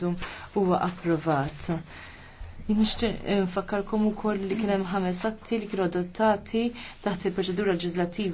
referendum huwa approvat. Nixtieq eh, nfakkarkom ukoll li kien hemm ħames atti li kienu adottati taħt il-proċedura leġislattiva